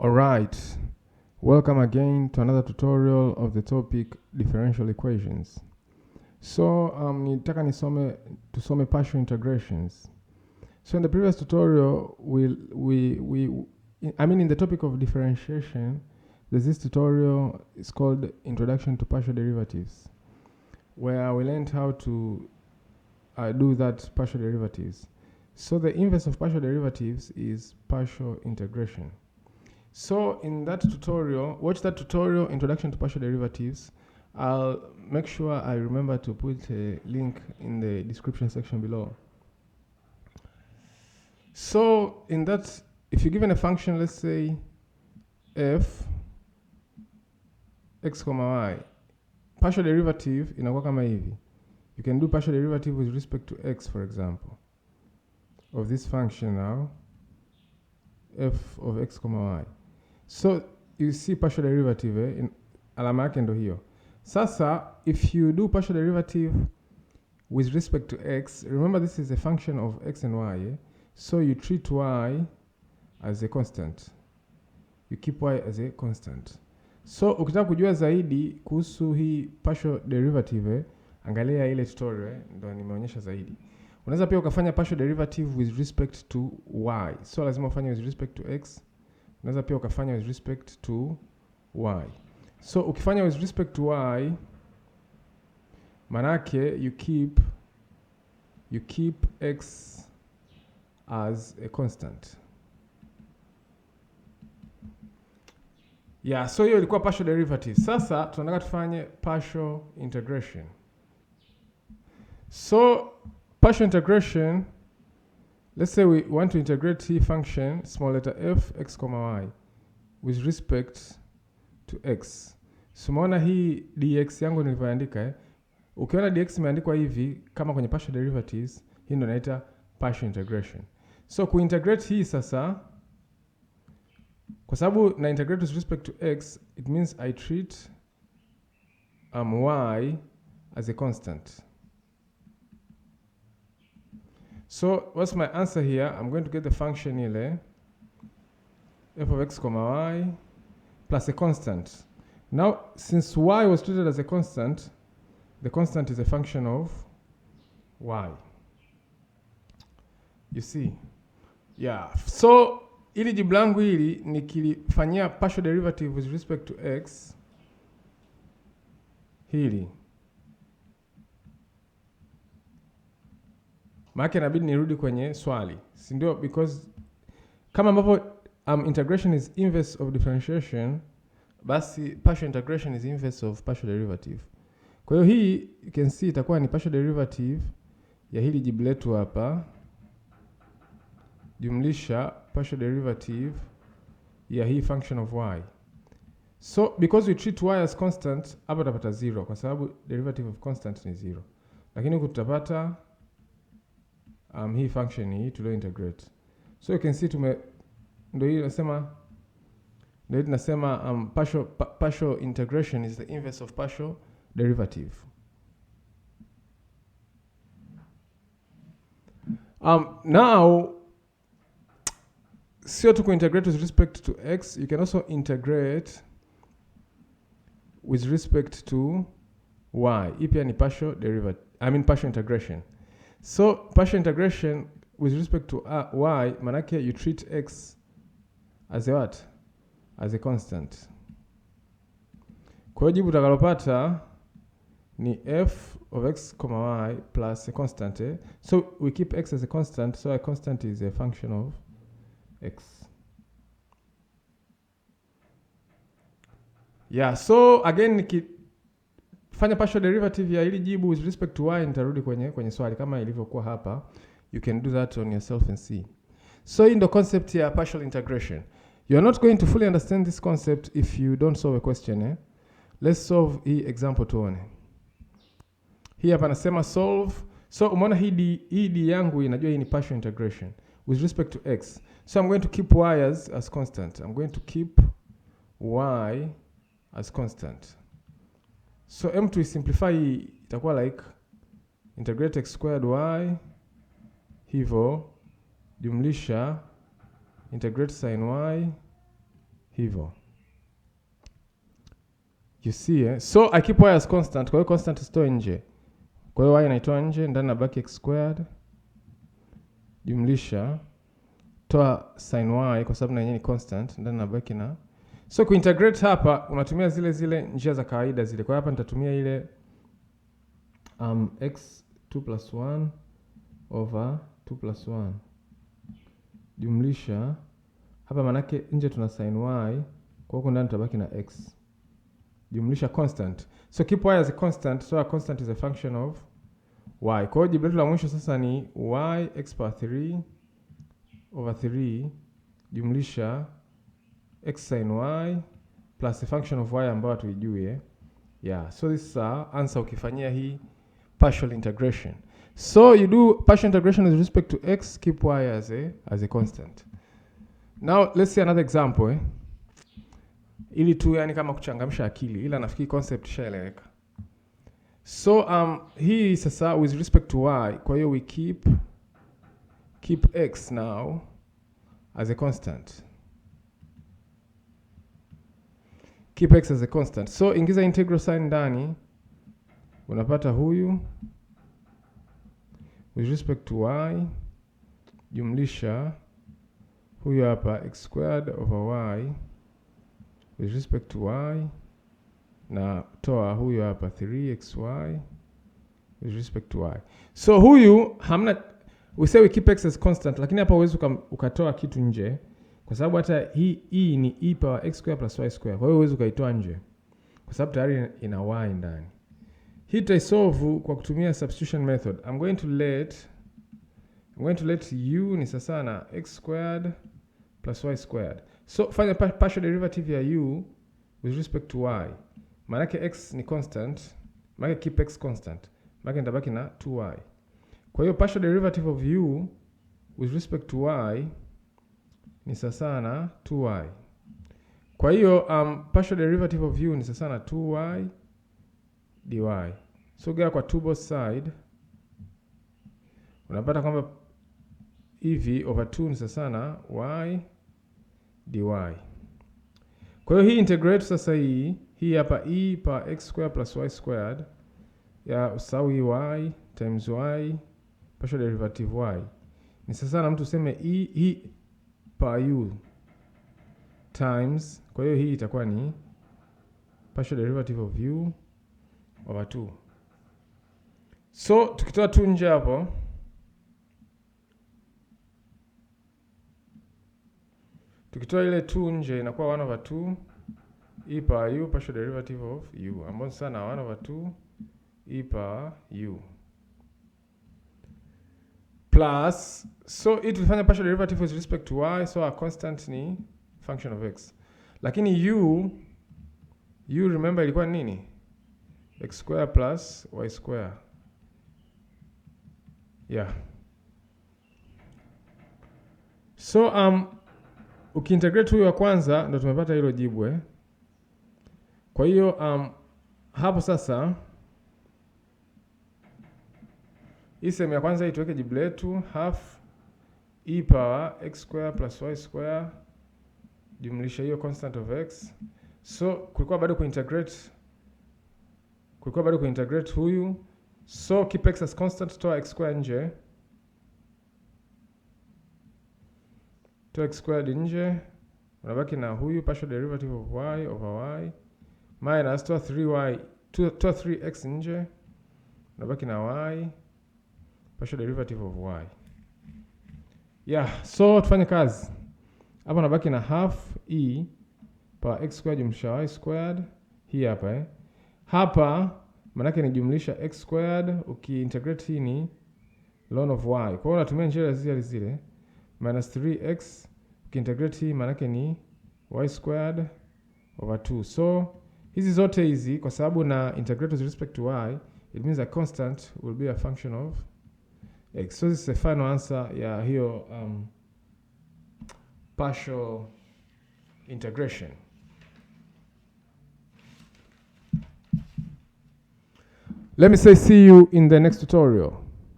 Alright, welcome again to another tutorial of the topic differential equations. So um, nitaka nisome, tusome partial integrations. So in the previous tutorial we, we, we, I mean in the topic of differentiation, there's this tutorial, is called Introduction to Partial Derivatives, where we learned how to uh, do that partial derivatives. So the inverse of partial derivatives is partial integration. So in that tutorial, watch that tutorial, Introduction to Partial Derivatives. I'll make sure I remember to put a link in the description section below. So in that, if you're given a function, let's say f x comma y, partial derivative in a hivi. You can do partial derivative with respect to x, for example, of this function now, f of x comma y. So you see partial derivative eh, in, alama yake ndo hiyo. Sasa if you do partial derivative with respect to x, remember this is a function of x and y eh? So you treat y as a constant, you keep y as a constant. So ukitaka kujua zaidi kuhusu hii partial derivative eh, angalia ile tutorial eh, ndo nimeonyesha zaidi. Unaweza pia ukafanya partial derivative with respect to y, so lazima ufanye with respect to x unaweza pia ukafanya with respect to y. So ukifanya with respect to y, manake you keep you keep x as a constant. Yeah, so hiyo ilikuwa partial derivative. Sasa tunataka tufanye partial integration. So partial integration Let's say we want to integrate t function, small letter f, x comma y, with respect to x. So hii dx yangu nilivyoandika eh? Ukiona dx imeandikwa hivi kama kwenye partial derivatives, hii ndio naita partial integration. So kuintegrate hii sasa, kwa sababu na integrate with respect to x, it means I treat um, y as a constant. So what's my answer here? I'm going to get the function ile f of x comma y plus a constant. Now, since y was treated as a constant, the constant is a function of y. You see? Yeah. So ili jibu langu hili nikilifanyia partial derivative with respect to x hili maana inabidi nirudi kwenye swali, sindio Because kama ambavyo um, integration is inverse of differentiation, basi partial integration is inverse of partial derivative. Kwa hiyo hii you can see itakuwa ni partial derivative ya hili jibu letu hapa jumlisha partial derivative ya hii function of y. So because we treat y as constant, hapa tutapata zero kwa sababu derivative of constant ni zero, lakini huku tutapata um, hii function hii tulio integrate. So you can see tume ndio hii nasema ndio tunasema um, partial, pa, partial integration is the inverse of partial derivative. Um, now sio tu kuintegrate with respect to x, you can also integrate with respect to y. Hii pia ni partial derivative, I mean partial integration. So partial integration with respect to uh, y, manake you treat x as a what? As a constant. Kwa hiyo jibu utakalopata ni f of x comma y plus a constant. Eh? So we keep x as a constant, so a constant is a function of x. Yeah, so again fanya partial derivative ya ili jibu with respect to y, nitarudi kwenye kwenye swali kama ilivyokuwa hapa. You can do that on yourself and see. So hii ndo concept ya partial integration. You are not going to fully understand this concept if you don't solve a question eh? Let's solve hii example tuone. Hii hapa nasema solve. So umeona hii d, hii d yangu inajua hii ni partial integration with respect to x. So I'm going to keep y as, as constant. I'm going to keep y as constant. So m tuisimplify itakuwa like integrate x squared y hivyo jumlisha integrate sin y hivyo. You see eh? So I keep y as constant, kwa hiyo constant isitoe nje, kwa hiyo y inaitoa nje, ndani na baki x squared jumlisha toa sin y kwa sababu na yenyewe ni constant, ndani na baki na So kuintegrate hapa unatumia zile zile njia za kawaida zile. Kwa hapa nitatumia ile um, x 2 plus 1 over 2 plus 1 jumlisha hapa, manake nje tuna sin y, kwa huko ndani tutabaki na x jumlisha constant. So keep y as a constant, so a constant is a function of y. Kwa hiyo jibu letu la mwisho sasa ni y x power 3 over 3 jumlisha x sin y plus a function of y ambayo hatuijui eh? Yeah, so this is our answer ukifanyia hii partial integration. So you do partial integration with respect to x, keep y as a, as a constant. Now let's see another example eh? Ili tu yani kama kuchangamsha akili ila nafikiri concept shaeleweka So um, hii sasa with respect to y, kwa hiyo we keep keep x now as a constant keep x as a constant. So ingiza integral sign ndani, unapata huyu with respect to y jumlisha huyu hapa x squared over y with respect to y na toa huyu hapa 3xy with respect to y. So huyu hamna, we say we keep x as constant, lakini hapa huwezi ukatoa kitu nje kwa sababu hata hii hii ni e power x square plus y square, kwa hiyo huwezi ukaitoa nje kwa sababu tayari ina y ndani. Hii tutaisolve kwa kutumia substitution method. I'm going to let I'm going to let u ni sasa na x squared plus y squared. So find the partial derivative ya u with respect to y. Maana yake x ni constant, maana keep x constant. Maana nitabaki na 2y. Kwa hiyo partial derivative of u with respect to y ni sawasawa na 2y. Kwa hiyo um, partial derivative of u ni sawasawa na 2y dy. So gea kwa two both side, unapata kwamba ev over 2 ni sawasawa na y dy. Kwa hiyo hii integrate sasa, hii hii hapa e power x square plus y squared ya usawi y times y partial derivative y ni sasa na mtu useme e, e per u times, kwa hiyo hii itakuwa ni partial derivative of u over 2. So tukitoa tu nje hapo tukitoa ile 2 nje inakuwa 1 over 2 e power u partial derivative of u ambayo sana 1 over 2 e power u plus so it will find a partial derivative with respect to y so a constant ni function of x lakini u u remember ilikuwa nini x square plus y square yeah so um, ukiintegrate huyu wa kwanza ndo tumepata hilo jibu eh kwa hiyo um, hapo sasa Hii sehemu ya kwanza ituweke jibu letu half e power x square plus y square jumlisha hiyo constant of x. So kulikuwa bado kuintegrate, kulikuwa bado kuintegrate huyu. So keep x as constant, toa x square nje, toa x squared nje, unabaki na huyu partial derivative of y over y minus toa 3y, toa 3x nje, unabaki na y partial derivative of y. Yeah, so tufanye kazi hapa, nabaki na half e pa x squared jumlisha y squared. Hii hapa eh, hapa manake ni jumlisha x squared ukiintegrate, hii ni ln of y. Kwa hiyo unatumia njia zile zile minus 3x ukiintegrate, hii manake ni y squared over 2. So hizi zote hizi kwa sababu na integrate with respect to y, it means a constant will be a function of this is the final answer ya hiyo um, partial integration. Let me say see you in the next tutorial.